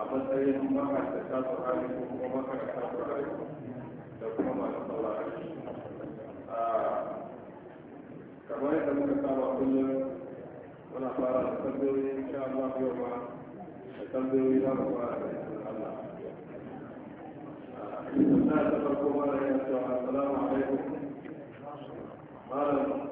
a matsayin makarata Qur'ani ko kuma makarata Qur'ani da kuma masu saurari kamar yadda muka saba kullum muna fara da tambayoyi insha Allah yau ma da tambayoyi za mu fara da Allah Ina ta farko mara yin cewa assalamu alaikum malam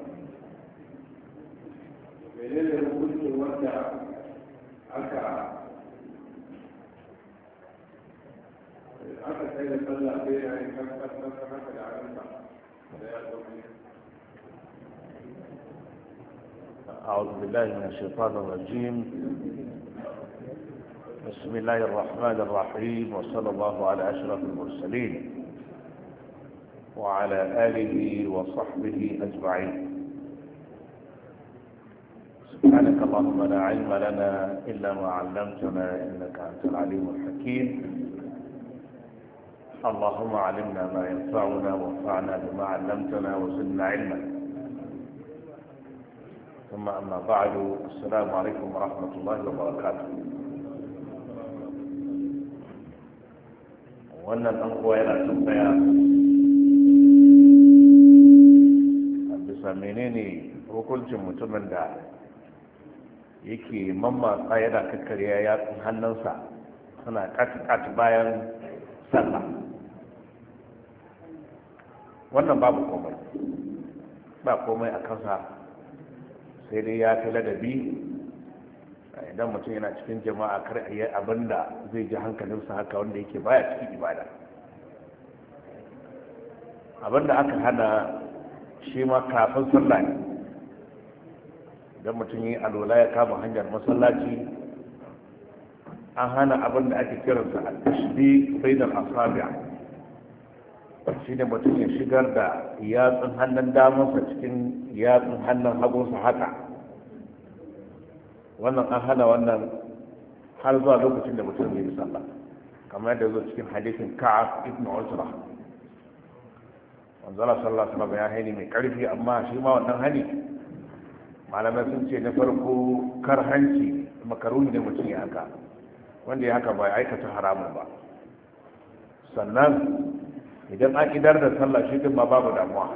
أعوذ بالله من الشيطان الرجيم بسم الله الرحمن الرحيم وصلى الله على أشرف المرسلين وعلى آله وصحبه أجمعين سبحانك اللهم لا علم لنا إلا ما علمتنا إنك أنت العليم الحكيم اللهم علمنا ما ينفعنا وانفعنا بما علمتنا وزدنا علما ثم أما بعد السلام عليكم ورحمة الله وبركاته wannan ɗan kowa yana tambaya a bisa menene hukuncin mutumin da yake mammatsa yana kakkarya yatsun hannunsa suna kati bayan sallah wannan babu komai ba komai a kansa sai dai ya fi ladabi idan mutum yana cikin jama'a kar a yi abin da zai ji hankalinsa haka wanda yake baya cikin ibada abin da aka hana shi ma kafin sallah ne idan mutum yi alola ya kama hanyar masallaci an hana abin da ake kiransa a tashbi da asabi'a shi ne mutum ya shigar da yatsun hannun damansa cikin yatsun hannun hagunsa haka wannan an hana wannan har zuwa lokacin da mutum ya yi sallah kamar yadda zo cikin hadisin ka'ab ibn usra manzala sallallahu alaihi wasallam ya hani mai karfi amma shi ma wannan hani malamai sun ce na farko kar hanci makaruni ne mutum ya haka wanda ya haka bai aikata haramun ba sannan idan an idar da sallah shi din ma babu damuwa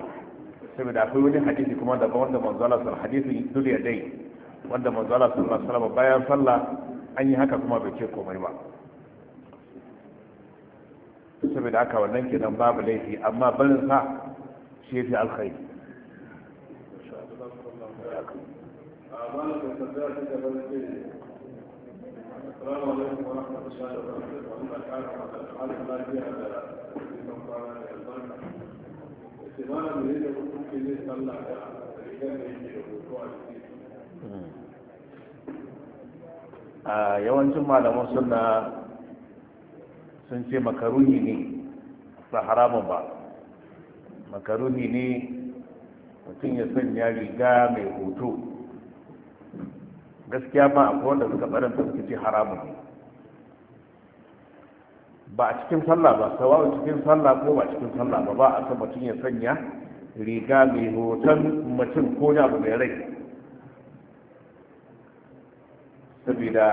saboda akwai wani hadisi kuma daga wanda manzo Allah sallallahu hadisi duriya dai wanda manzo Allah sallallahu alaihi wasallam bayan sallah an yi haka kuma bai ce komai ba saboda haka wannan kenan babu laifi amma barin sa shi yafi alkhairi السلام عليكم ورحمة الله وبركاته. a yawancin malaman suna sun ce makaruni ne ba haramun ba makaruni ne mutum ya sanya riga mai hoto gaskiya ba akwai wanda suka barin suka ce haramun ne ba a cikin sallah ba sawa'u cikin sallah ko ba cikin sallah ba ba a san mutum ya sanya riga mai hoton mutum ko da abu mai rai saboda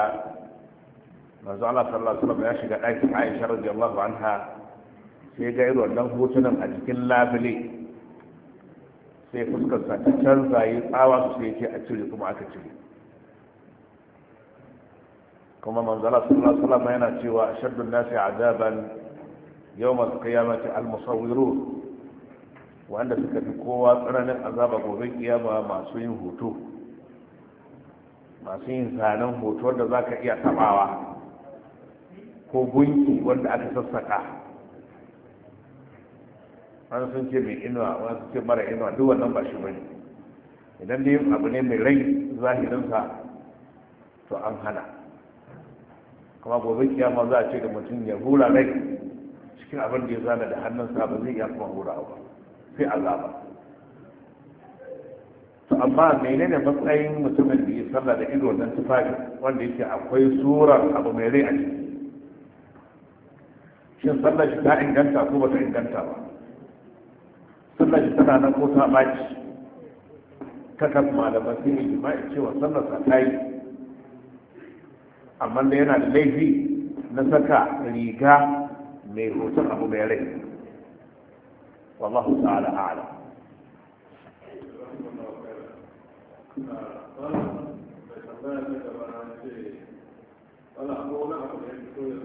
manzo Allah sallallahu alaihi ya shiga ɗakin Aisha radiyallahu anha sai ga irin wannan hotunan a cikin labule sai fuskar sa ta canza yi tsawa su sai ce a cire kuma aka cire kuma manzala sallallahu alaihi wasallam yana cewa ashaddun nasi adaban yawmal qiyamati al-musawwirun wanda suka fi kowa tsananin azaba gobe kiyama masu yin hoto masu yin zanen hoto da za ka iya tabawa ko gunki wanda aka sassaka wani sun ce mai inuwa wani sun ce mara inuwa duk wannan ba shi ba ne idan dai abu ne mai rai zahirinsa to an hana kuma gobe kiyama za a ce da mutum ya hura rai cikin abin da ya zana da hannunsa ba zai iya kuma hura ba sai Allah ba to amma menene matsayin mutumin da ya sallah da ido nan tufafi wanda yake akwai surar abu mai rai a ciki shin sallar shi ta inganta ko ba ta inganta ba sallar shi tana nan ko ta baci kakan malaman sun yi jima'i cewa sallar sa ta yi amma da yana da laifi na saka riga mai hoton abu mai rai wallahu ta'ala a'lam wala ko a ranar suna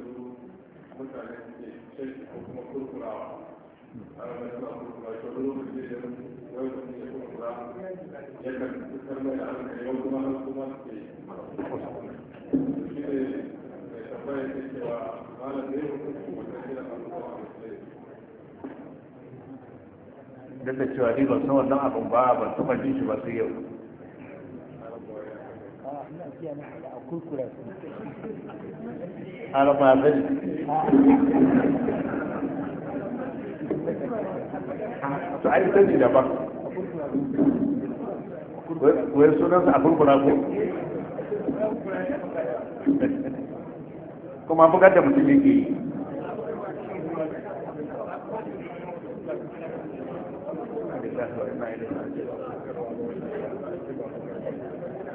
kuma har kuma ke tambaya a a duk da cewa san wannan abin ba shi ba yau da ba wai sunansa a kurkura ko kuma bugar da mutum yake yi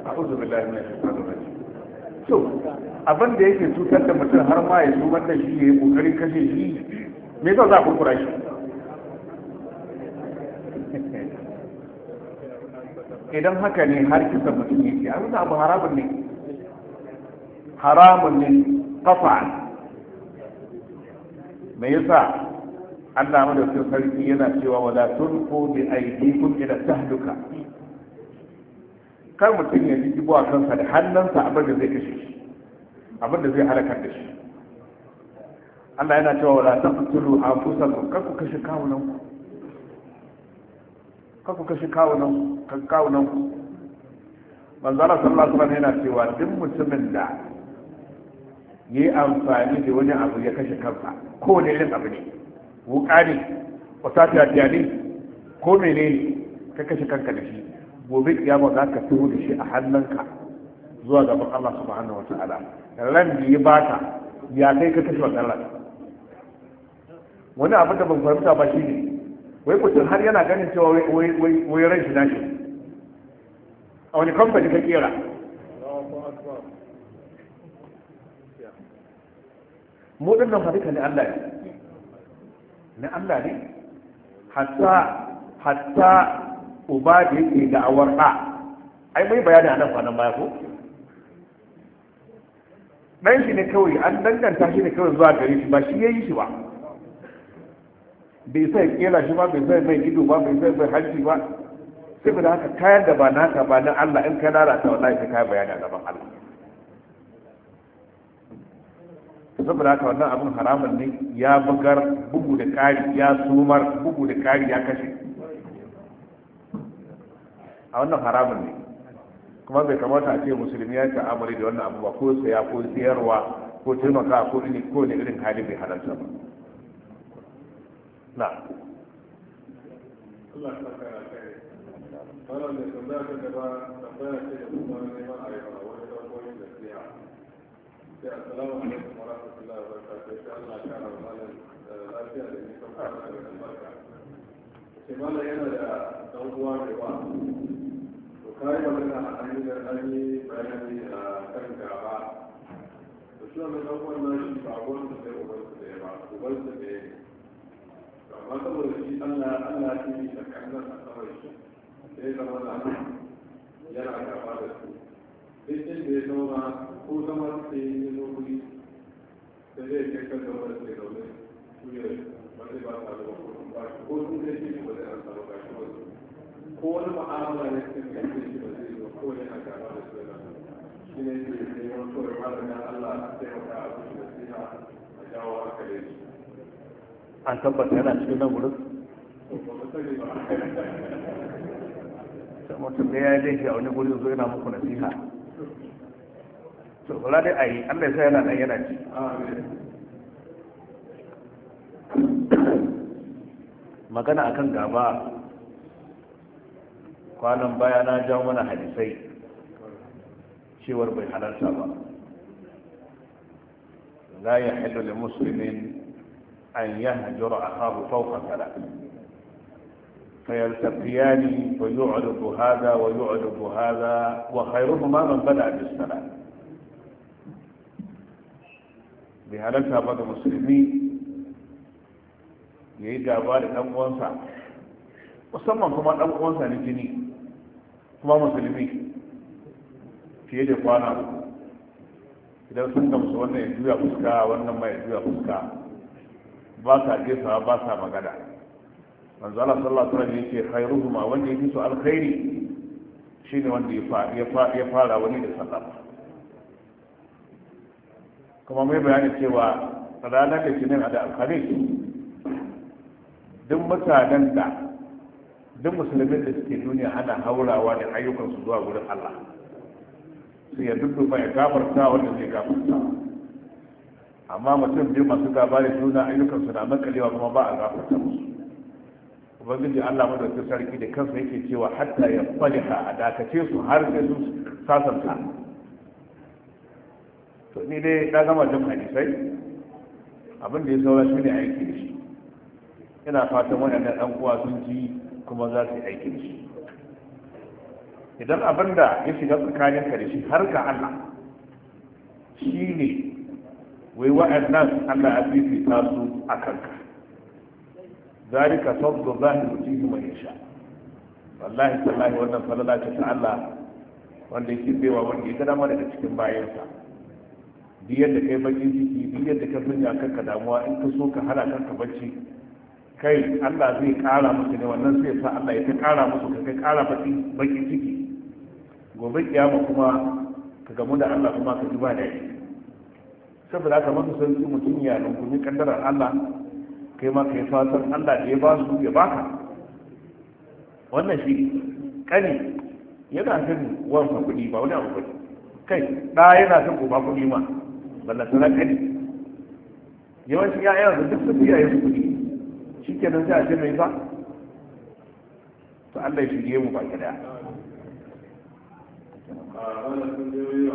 a'udhu abin da yake cutar da mutum har ma ya su wannan shi ya yi ƙoƙarin kashe shi me yasa za a kurkura shi idan haka ne har kisa mutum yake a abu haramun ne haramun ne Ƙafa me yasa Allah su sarki yana cewa wala tulqu bi aydikum ila tahduka kar mutum ya ji a kansa da hannunsa abin da zai kashe shi abin da zai halakar da shi Allah yana cewa wala taqtulu anfusakum kar ku kashe kawunan ku ku kashe kawunan ku kan kawunan ku manzara sallallahu alaihi wasallam yana cewa duk mutumin da yi amfani da wani abu ya kashe kansa ko wani irin abu ne wuka ne wata tafiya ne ko mene ne ka kashe kanka da shi gobe kiyama za ka tuhu da shi a hannunka zuwa gaban Allah subhanahu wa ta'ala ran da ya baka ya kai ka kashe wannan ran wani abu da ban fahimta ba shine wai mutum har yana ganin cewa wai ran shi nashi a wani kamfani ka kera mu din nan duka Allah ne na Allah ne hatta hatta uba da yake da'awar ɗa ai mai bayani a nan kwanan baya ko ɗan shi ne kawai an danganta shi ne kawai zuwa gare shi ba shi ya yi shi ba bai sai kera shi ba bai sai mai ido ba bai sai mai hanci ba sai da haka kayan da ba naka ba na Allah in ka lalata wallahi sai kai bayani a gaban Allah saboda haka wannan abin haramun ne ya bugar bugu da kari ya sumar bugu da kari ya kashe a wannan haramun ne kuma bai kamata a ce musulmi ya ta amuri da wannan abubuwa ko saya ko siyarwa ko taimaka ko ne ko ne irin hali bai halarta ba na Allah ta kare. Wannan da tambaya ta gaba tambaya ce da kuma neman ayyuka. Assalamu alaikum wa rahmatullahi wa barakatuh. Sai Allah eh, ya da ni kuma Allah ya albarka. Sai malam yana da dan uwa da ba. To kai magana a hanyar an yi bayani a kan gaba. To shi wannan dan uwan nan shi ba gwamnati da ubansa da ya ba, ubansa da ya ne. da da ko zama suke yi ne na wuri da zai ke kan zama da ke zaune su ba zai ba ta zama kuma ba shi ko sun zai ce ba zai an samu ba shi wasu ko wani ma'amala ne sun shi ba zai yi ko yana gaba da su yana shi ne ke neman kawai malamin Allah a taimaka a su da siya a jawo aka da shi an tabbata yana cikin nan wurin mutum ne ya yi laifi a wani guri zo yana muku nasiha to kula dai a yi allah ya sa yana nan yana ci magana akan gaba kwanan baya na jawo mana hadisai cewar bai halarta ba la ya haidu da musulmin an yi hajjura a kawo fauka kala wa ويعرض هذا ويعرض هذا man bada بدا بالسلام bai halarta ba ga musulmi ya yi gaba da ɗan uwansa musamman kuma ɗan uwansa na jini kuma musulmi fiye da kwana idan sun gamsu wannan ya juya fuska wannan ma ya juya fuska ba sa gesa ba sa magana manzo Allah sallallahu alaihi wasallam yake khairuhuma wanda yake su alkhairi shine wanda ya fara wani da sallama kuma mai bayani cewa ranar ne a da alkhari duk mutanen da duk musulmin da suke duniya ana haurawa da ayyukansu zuwa wurin allah su ya duddufa ya gafarta wanda zai gafarta amma mutum biyu masu gaba da juna ayyukansu na makalewa kuma ba a gafarta musu ubangiji allah da sarki da kansa yake cewa hatta ya faliha a dakace su har sai sun sasanta to ni dai na gama jin hadisai abin da ya saura shi ne aiki da shi ina fatan waɗannan ɗan uwa sun ji kuma za su yi aiki da shi idan abin da ya shiga tsakanin ka da shi har ka Allah shi ne wai wa'annan Allah ya fifita su a kanka zalika sabdu zahi mutihi man insha wallahi tallahi wannan falala ce ta Allah wanda yake baiwa wanda ya gada mana daga cikin bayansa duk yadda kai bakin ciki duk yadda ka sanya kanka damuwa in ka so ka hana kanka bacci kai Allah zai kara musu ne wannan sai sa Allah ya ta kara musu ka kai kara bakin ciki gobe kiyama kuma ka gamu da Allah kuma ka ji ba da saboda haka masu san su mutum ya rungumi kaddarar Allah kai ma kai fatan Allah da ya ba su ya baka wannan shi kani yana san wansa kuɗi ba wani abu ba kai ɗaya yana kan uba kuɗi ma balla sana kadi yawancin ya'yan da duk su iyaye su kuɗi shi ke nan sai mai fa to Allah ya shige mu baki daya a wannan sun je yi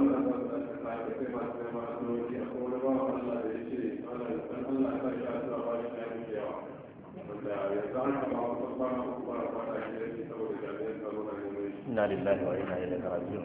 wa lillahi wa inna ilaihi raji'un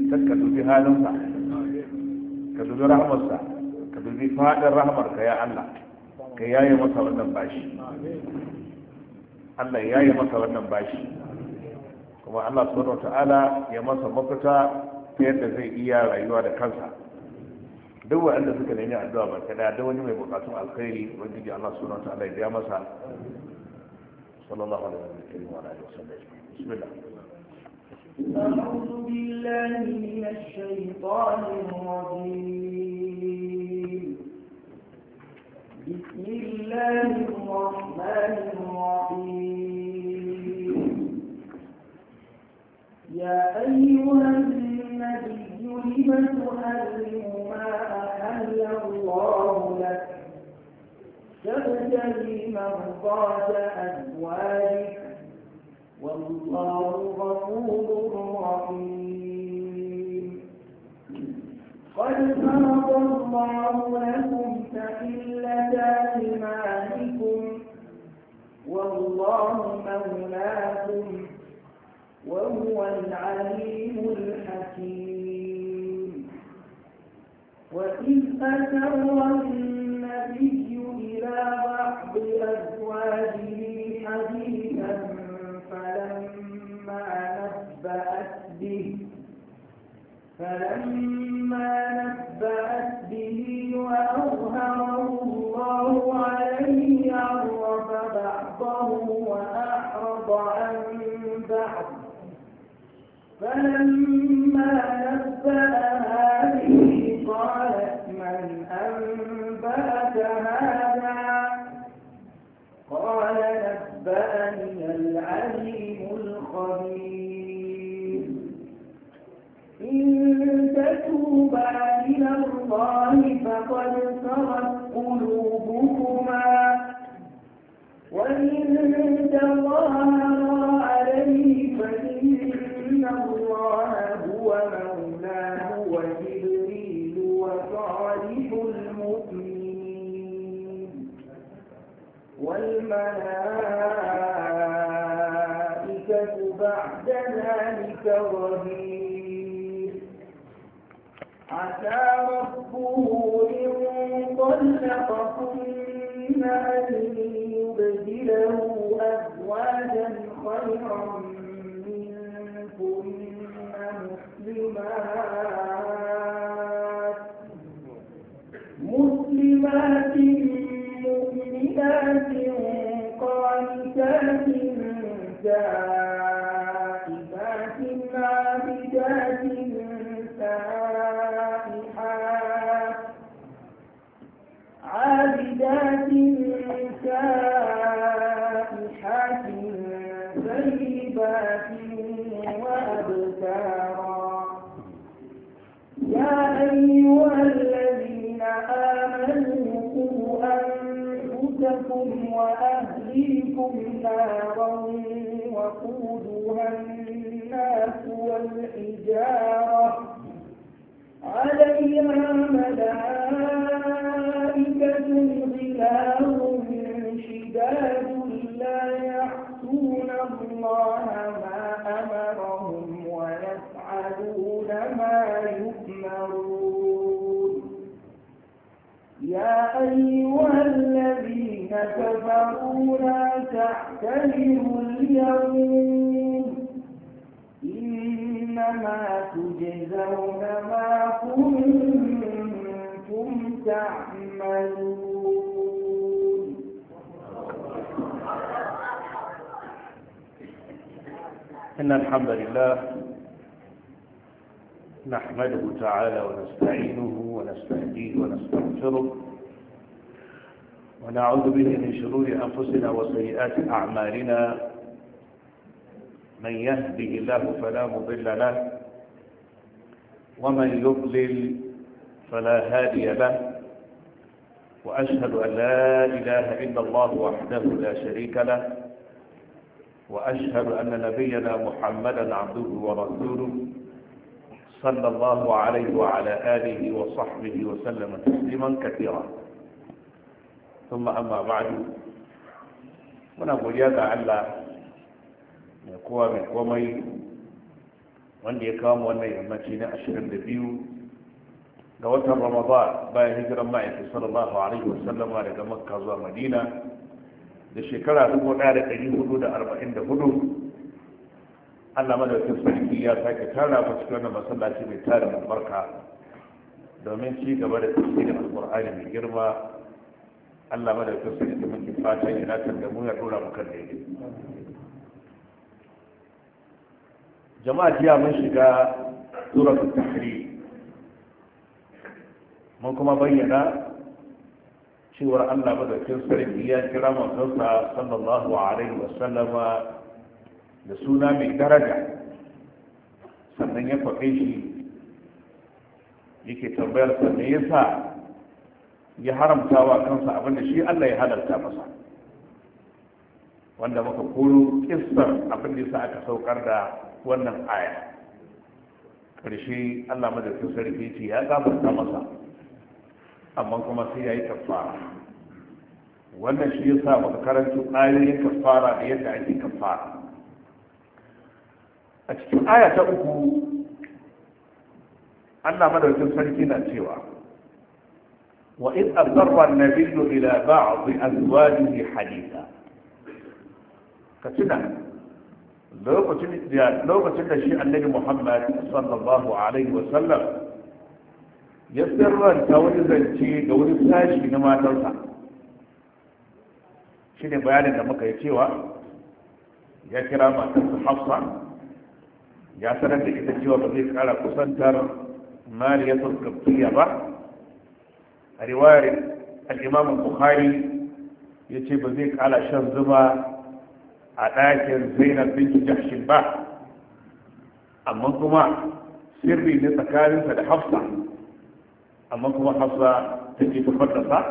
kan ka dubi halinsa ka dubi rahmarsa ka dubi faɗin ka ya Allah ka yaye masa wannan bashi Allah ya yi masa wannan bashi kuma Allah subhanahu ta'ala ya masa mafita ta yadda zai iya rayuwa da kansa duk wanda suka nemi addu'a ba kada da wani mai bukatun alkhairi wanda Allah subhanahu ta'ala ya biya masa sallallahu alaihi wa sallam bismillah أعوذ بالله من الشيطان الرجيم بسم الله الرحمن الرحيم يا أيها النبي لم تحرم ما أحل الله لك تبتغي مرضاة أزواجك الله والله مولاكم وهو العليم الحكيم وإذ أسر النبي إلى بعض حديثا فلما به فلما نبأت به وأظهره الله عليه عرف بعضه وأعرض عن بعض فلما نبأها به قالت من أنبأك هذا قال نبأني الله عابدات سائحات وأبكارا يا أيها الذين آمنوا قوا أنفسكم وأهليكم نارا وقودها الناس والحجارة عليها ملائكة غلاظ شداد لا يعصون الله ما أمرهم ويفعلون ما يؤمرون يا أيها الذين الذين كفروا لا تعتذروا اليوم إنما تجزون ما كنتم تعملون إن الحمد لله نحمده تعالى ونستعينه ونستهديه ونستغفره ونعوذ به من شرور أنفسنا وسيئات أعمالنا من يهده الله فلا مضل له ومن يضلل فلا هادي له وأشهد أن لا إله إلا الله وحده لا شريك له وأشهد أن نبينا محمدا عبده ورسوله صلى الله عليه وعلى آله وصحبه وسلم تسليما كثيرا sun ma'amma ba'adu muna godiya ga Allah mai kowa mai komai wanda ya kawo wannan yammaci na ashirin da biyu ga watan ramadan bayan hijiran ma'aikin sallallahu alaihi sallama daga makka zuwa madina da shekara dubu ɗaya da ɗari hudu da arba'in da hudu allah madaukin sarki ya sake tara ba cikin wannan masallaci mai tara mai barka. domin ci gaba da tafsirin alƙur'ani mai girma Allah ma da kusa da muke fata yana san da mu ya dora mu kan daidai jama'a jiya mun shiga suratul tahrim mun kuma bayyana cewa Allah ma da kusa ya kira manzonsa sallallahu alaihi wa sallama da suna mai daraja sannan ya faɗe shi yake tambayar sa me yasa ya haramta wa kansa abin da shi Allah ya halarta masa wanda muka koro kissar abin da yasa aka saukar da wannan aya karshe Allah madaukakin sarki ce ya gafarta masa amma kuma sai ya yi kafara wannan shi ya sa maka karanto ayoyin kafara da yadda ake kafara a cikin aya ta uku allah madaukin sarki na cewa وإذ أسر النبي إلى بعض أزواجه حديثا كتنا لو كتنا شيء النبي محمد صلى الله عليه وسلم يسر تولي زنتي دولي ساشي نما تلتا شيني بيانا لما كيتيوا يا كرام أنت حفصة يا سنة إذا تيوا بذيك على كسنتر مالية القبطية بقى a riwayar al'imam bukhari ya ce ba zai kala shan zuba a ɗakin zainab bin jahshin ba amma kuma sirri ne tsakaninsa da hafsa amma kuma hafsa ta ce ta sa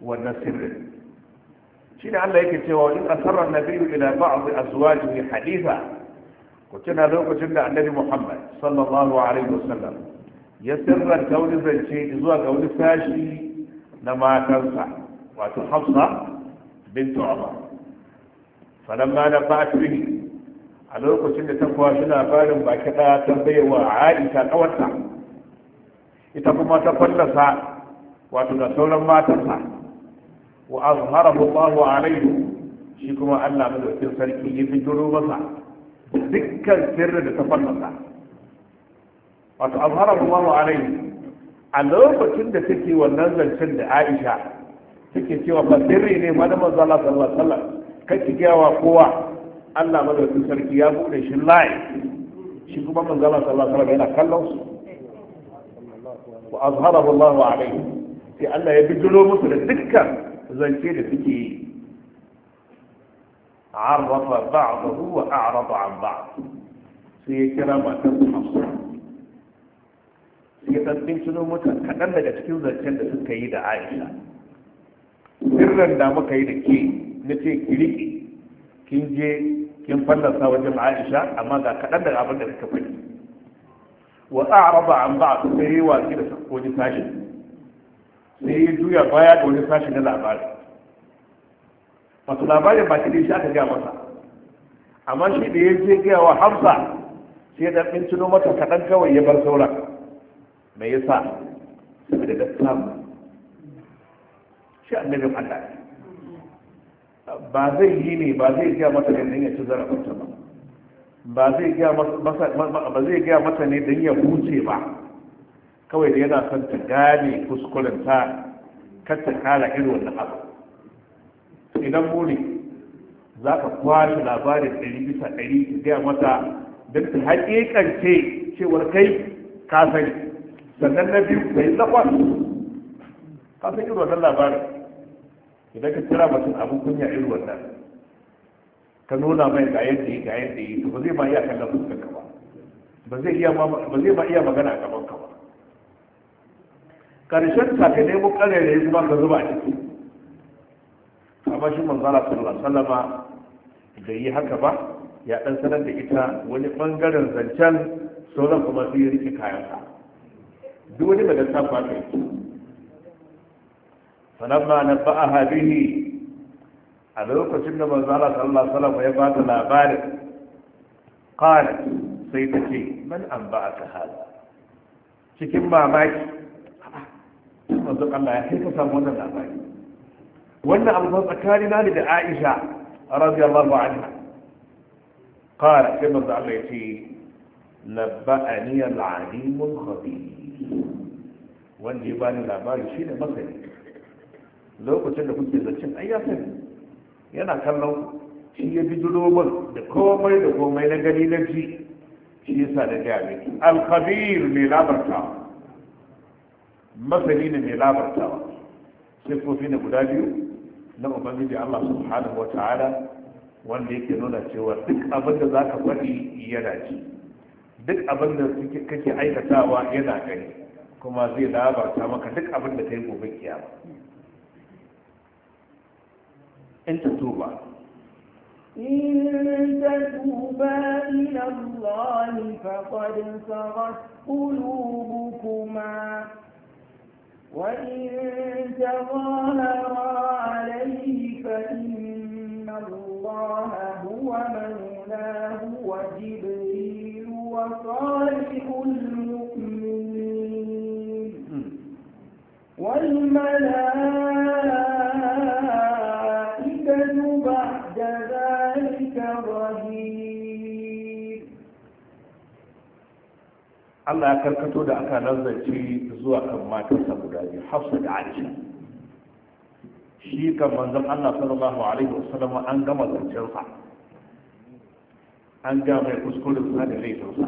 wannan sirrin shi ne allah yake cewa in asarar na nabiyu ila ba'd azwajihi haditha ko tana lokacin da annabi muhammad sallallahu alaihi wasallam ya sirranta wani zance zuwa ga wani sashi na matansa wato hafsa bintu umar ma na fa'atri a lokacin da ta kwashi labarin baki ɗaya ta baiwa aisha ƙawarta ita kuma ta fallasa wato da sauran matansa wa azharahu a alaihi shi kuma Allah madaukin sarki ya duro masa dukkan sirri da ta fallasa wato azhara Allahu alaihi a lokacin da take wannan zancen da Aisha take cewa ba sirri ne ma da manzo Allah sallallahu alaihi wasallam kake gawa kowa Allah madaukakin sarki ya bude shi layi shi kuma manzo Allah sallallahu alaihi wasallam yana kallon su wa azharahu Allah alaihi sai Allah ya bijiro musu da dukkan zance da suke yi عرف بعضه وأعرض عن بعض سيكرم تسمى ya san sun cino mata kaɗan daga cikin zancen da suka yi da aisha sirran da muka yi da ke na ce kiriki kin je kin fallasa wajen aisha amma ga kaɗan daga abin da suka faɗi wa a'raba an ba su sai yi watsi da wani sashi sai ya juya baya da wani sashi na labari wasu labarin ba shi da shi aka gaya masa amma shi da ya je gaya wa hamsa sai ya ɗan mata kaɗan kawai ya bar sauran mai yasa daga islam shi annabin Allah ba zai yi ne ba zai gaya mata ne don ya ci zarafinta ba ba zai gaya mata ne don ya huce ba kawai da yana son ta gane kuskuren ta ta kala irin wannan abu idan muni za ka kwashe labarin ɗari bisa ɗari gaya mata don ta haƙiƙance cewar kai ka sani sannan na biyu bai zakwas ka san irin wannan labarin idan ka kira mutum abin kunya irin wannan ka nuna mai ga yadda yi ga yadda yi to ba zai ma iya kallon fuskar ka ba ba zai iya ma iya magana a gaban ka ba karshen ka ka nemo ya zuba ka zuba a ciki amma shi manzala sallallahu alaihi wasallam da yi haka ba ya dan sanar da ita wani bangaren zancen sauran kuma sai ya rike kayan ka duk wani mai lissafa kai falamma na fa'aha bihi a lokacin da manzo Allah sallallahu alaihi wasallam ya bada labarin qala sai ta ce man anba'aka hada cikin mamaki manzo Allah ya kai ka samu wannan labari wannan abu fa tsakani na da Aisha radiyallahu anha qala sai manzo Allah ya ce nabba'ani al-alim al-khabir wanda ya bani labari shi ne masani lokacin da kuke zancen ai ya sani yana kallon shi ya bi min da komai da komai na gani na ji shi ya sa da gaya miki alkhabir mai labartawa masani ne mai labartawa siffofi ne guda biyu na ubangiji allah subhanahu wa ta'ala wanda yake nuna cewa duk abin da za ka faɗi yana ji duk abin da kake aikatawa yana gani kuma zai labarta maka duk abin da ta yi gobe kiyama in ta tuba in ta tuba ila Allah fa qad sagat qulubukuma wa in تظاهرا Allah ya karkato da aka nazarci zuwa kan matarsa guda biyu hafsa da aisha shi kan manzon Allah sallallahu alaihi wasallam an gama zancensa an ga mai kuskurensa da laifinsa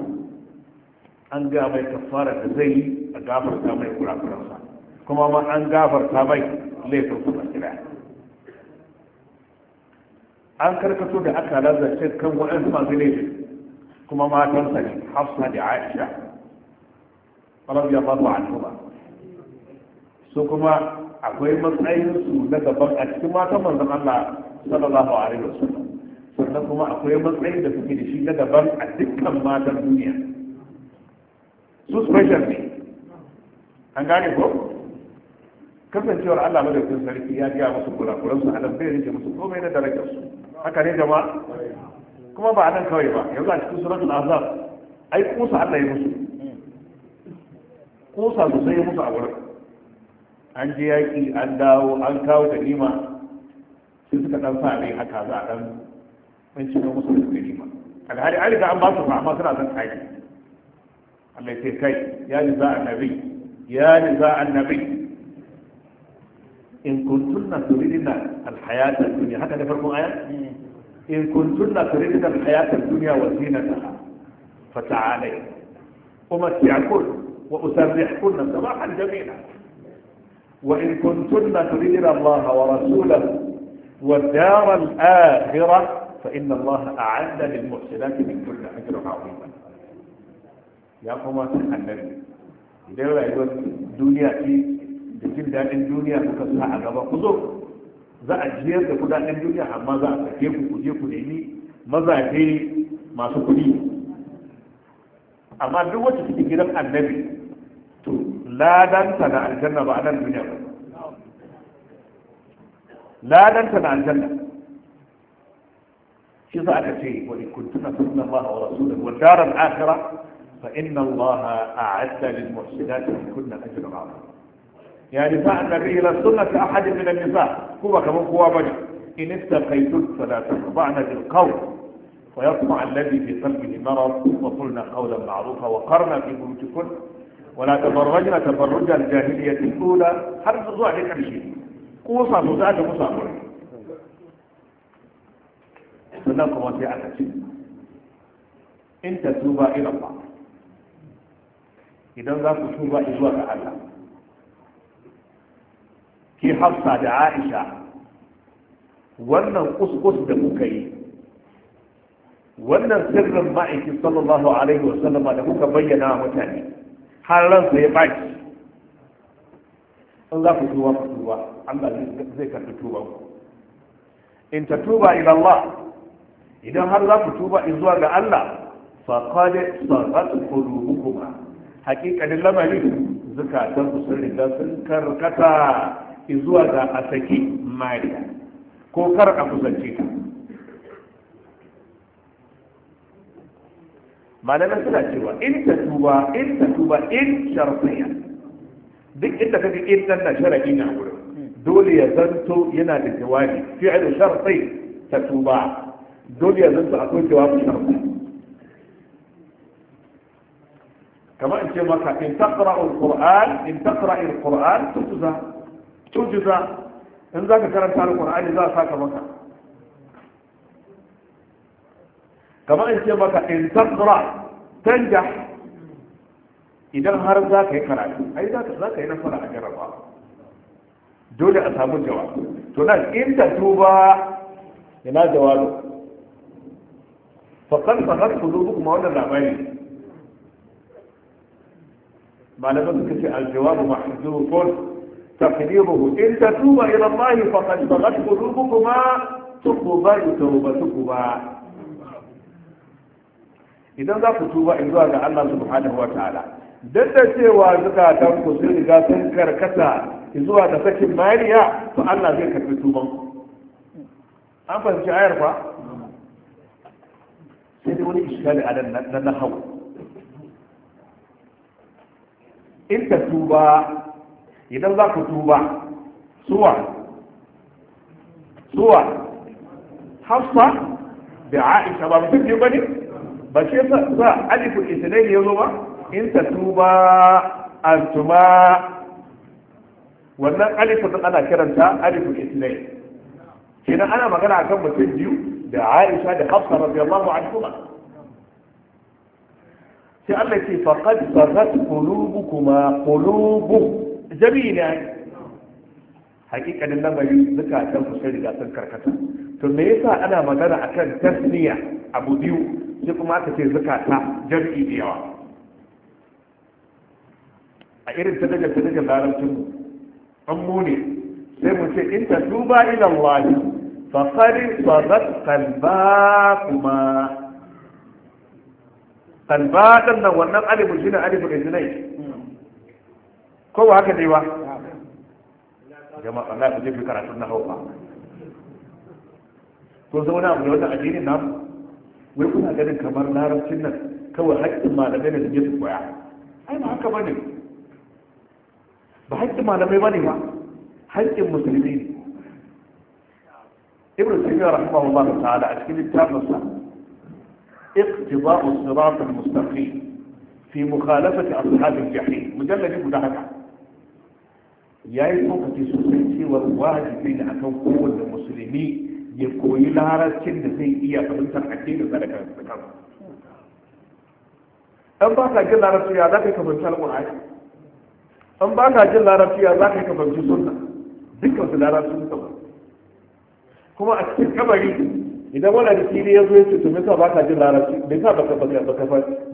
an ga mai kafara da zai yi a gafarta mai sa kuma ma an gafarta mai laifin ba kira an karkato da aka nazarci kan waɗansu masu laifin kuma matansa ne hafsa da aisha ya a anhuma su kuma akwai matsayin su na daban a cikin matan manzan Allah sallallahu alaihi wasallam sannan kuma akwai matsayin da suke da shi na daban a dukkan matan duniya su special ne an gane ko kasancewar Allah madaukakin sarki ya biya musu kurakuran su adam bai rike musu komai na darajar su haka ne jama'a kuma ba a nan kawai ba yanzu a cikin suratul azab ai kusa Allah ya musu ko samu sai musu a wurin an je yaƙi an dawo an kawo da ganima sai suka ɗan sa rai haka za a ɗan ɗan cikin musu da ganima alhali an riga an ba su fa amma suna son kaji Allah ya ce kai ya ni za annabi ya ni za a nabi in kuntunna na alhayata duniya. haka ne farkon aya in kuntunna turidina alhayata dunya wa zinataha fata'alay kuma siyakul وأسرحكن سباحا جميلا وإن كنتن تريدن الله ورسوله والدار الآخرة فإن الله أعد للمحسنات من كل أجر عظيما يا قوم النبي دولة يقول دنيا في بكل دائم دنيا فكسا على بقضوك ذا أجير تقول دائم دنيا أما ذا أتكيف وديك وديني ما ذا أتكيف ما سكني أما دولة تتكيرم النبي لا دنسنا الجنة بعد الدنيا لا دنسنا الجنة في ذلك شيء وإن كنت نتمنى الله ورسوله والدار الآخرة فإن الله أعد للمحسنات إن كنا أجر عظيم يعني فأنا به إلى سنة أحد من النساء هو كما هو بني إن اتقيتن فلا تخضعن بالقول فيطمع الذي في قلبه مرض وقلنا قولا معروفا وقرنا في بيوتكن wala tabarrajna tabarruj al-jahiliyyah al-ula har zuwa da karshe kusa su za ta kusa gurin sannan kuma sai aka ce in ta tuba ila Allah idan za ku tuba zuwa ga ki hafsa da Aisha wannan kuskus da kuka yi wannan sirrin ma'aikin sallallahu alaihi wa sallama da kuka bayyana mutane har ransu ya baki in za ku tuba ku tuba Allah zai karɓi tuba ku in ta tuba ila Allah idan har za ku tuba in zuwa ga Allah fa faqad sarat qulubukuma haqiqatan lamarin zakatan ku sun riga sun karkata zuwa ga asaki mariya ko kar a kusance ta malamai suna cewa in ta tuba in ta tuba in sharfiya duk inda kaga in nan na sharadi na wurin dole ya zanto yana da jawabi fi'il sharfi ta tuba dole ya zanto akwai jawabi sharfi كما أنت مكة إن تقرأ القرآن إن تقرأ القرآن تجزى تجزى إن ذاك كلام القرآن إذا ساك مكة kamar in ce maka in tasra canja. idan har za ka yi karatu ai za ka yi na fara a jarraba dole a samu jawab to nan in ta tuba ina jawabu. fakan fakan ku zo kuma wannan labari malaman suka ce aljawabu mahdhufun taqdiruhu in tatuba ila Allah faqad baghat qulubukuma tuqba tawbatukuma idan za ku tuba in zuwa ga Allah subhanahu wataala dan da cewa zukatan ku sun riga sun karkata zuwa ga sakin mariya to Allah zai karbi tuban ku an fahimci ayar fa sai dai wani iskali a nan na nahawu in ta tuba idan za ku tuba suwa suwa hafsa da aisha ba mutum ne ba ne ba shi sa alifu isnai ya zo ba in ta tuba antuma wannan alifu da ana kiranta alifu isnai kina ana magana akan mutum biyu da Aisha da Hafsa radiyallahu anhuma sai Allah ce faqad sarat qulubukuma qulubu jami'ina hakikanin lamari zukatan ku sai riga sun karkata to me yasa ana magana akan tasniya abu biyu sai kuma aka ce zukata jarki da yawa a irin ta daga ta larabcin mu an mune sai mu ce in ta tuba ila Allah fa qad sadat qalbakuma qalba dan nan wannan alifu alibu da izinai ko ba haka ne ba jama'a Allah ku je bi karatun na hawa ko zama na abu da wannan na namu wai kuna ganin kamar larabcin nan kawai haƙƙin malamai ne suke su koya ai ba haka bane ba haƙƙin malamai bane ba haƙƙin musulmi ne ibn taymiyyah rahimahullah ta'ala a cikin littafin sa iqtida'u sirat al-mustaqim fi mukhalafati ashab al-jahim mujallad guda haka yayi tsokaci sosai cewa wajibi ne akan kowanne musulmi ya koyi larabcin da zai iya fahimtar addini sa da kansa an ba ka jin larabci ya za ka yi kamanci alƙur'ani an ba ka jin larabci ya za ka yi kamanci sunna dukkan su larabci suka ba kuma a cikin kabari idan wani da ne ya zo ya ce to me sa ba ka jin larabci me sa ba ka ba ka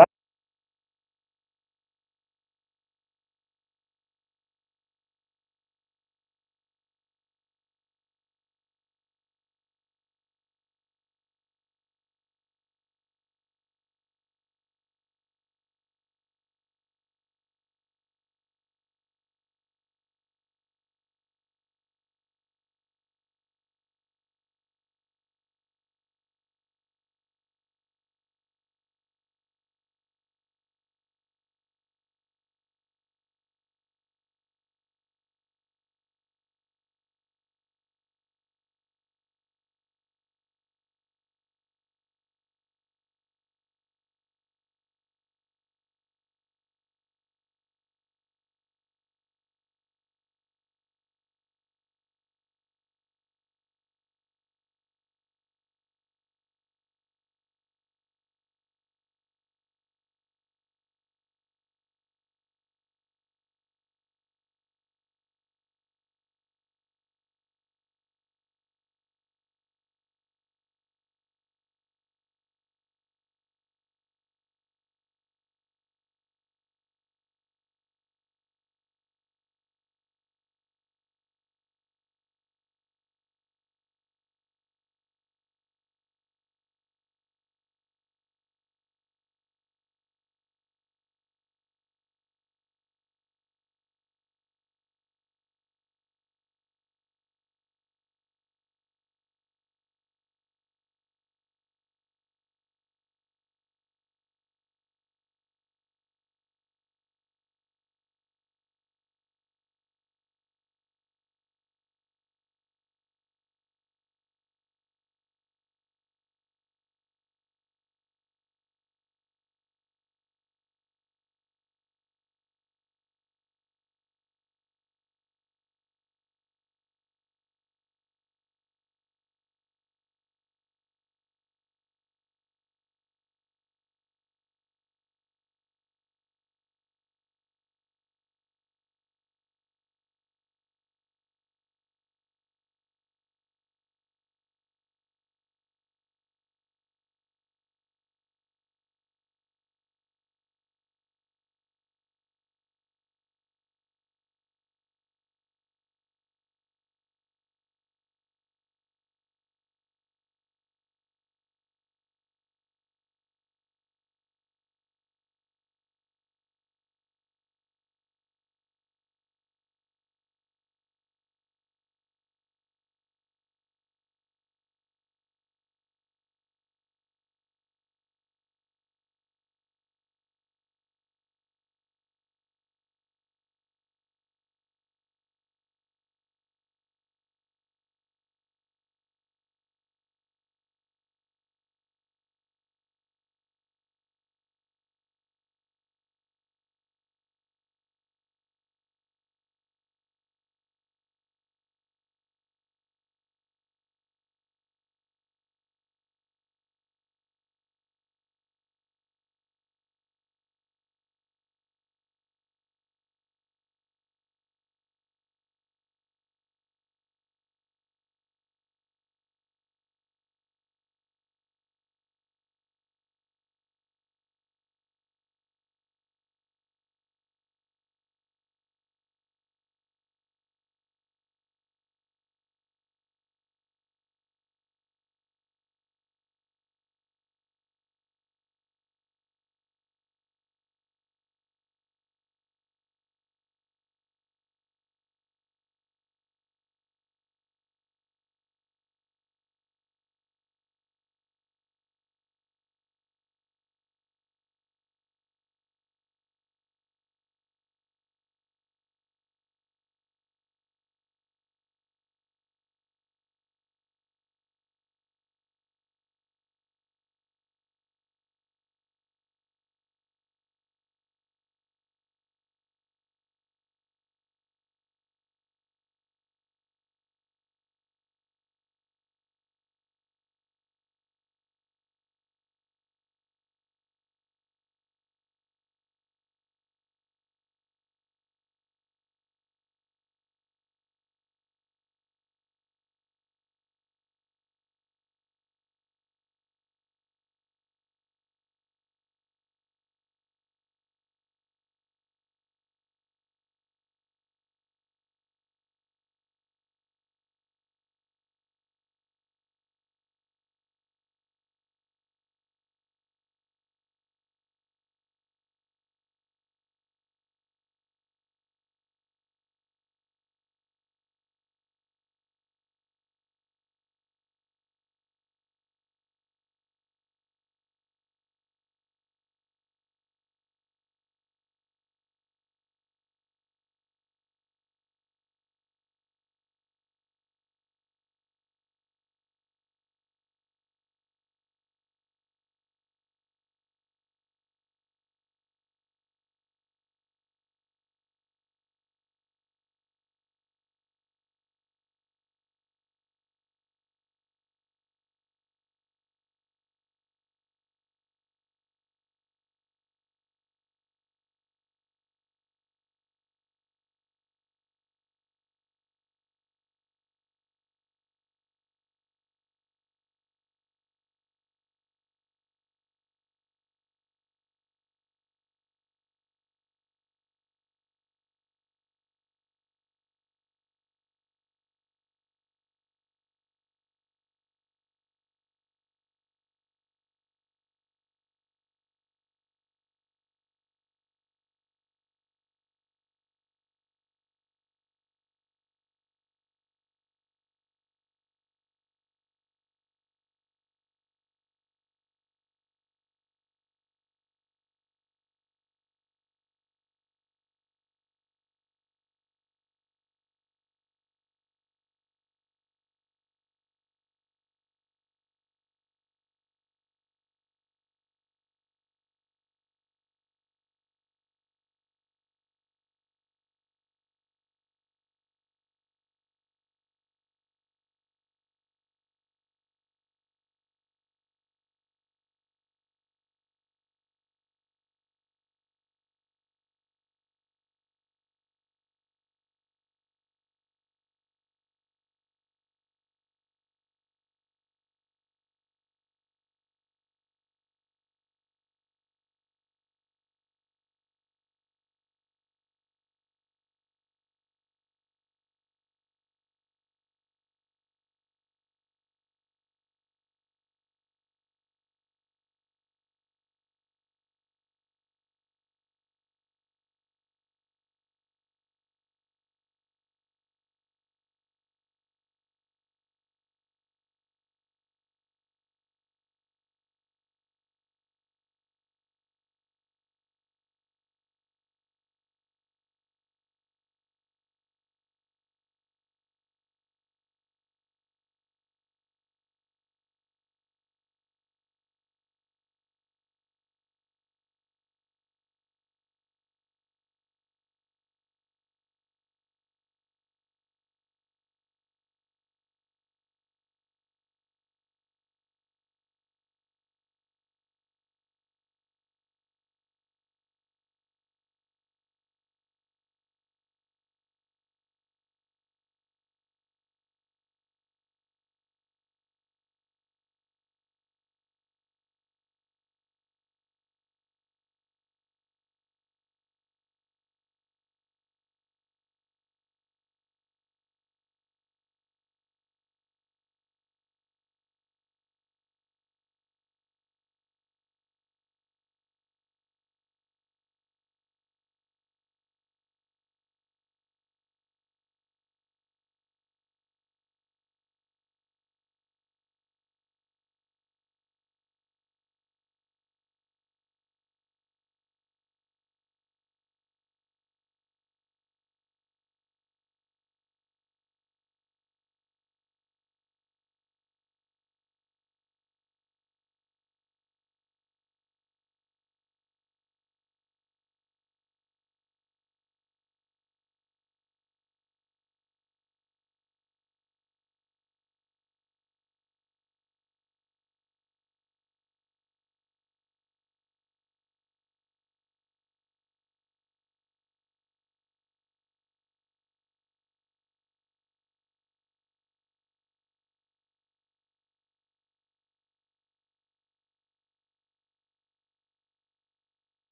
ba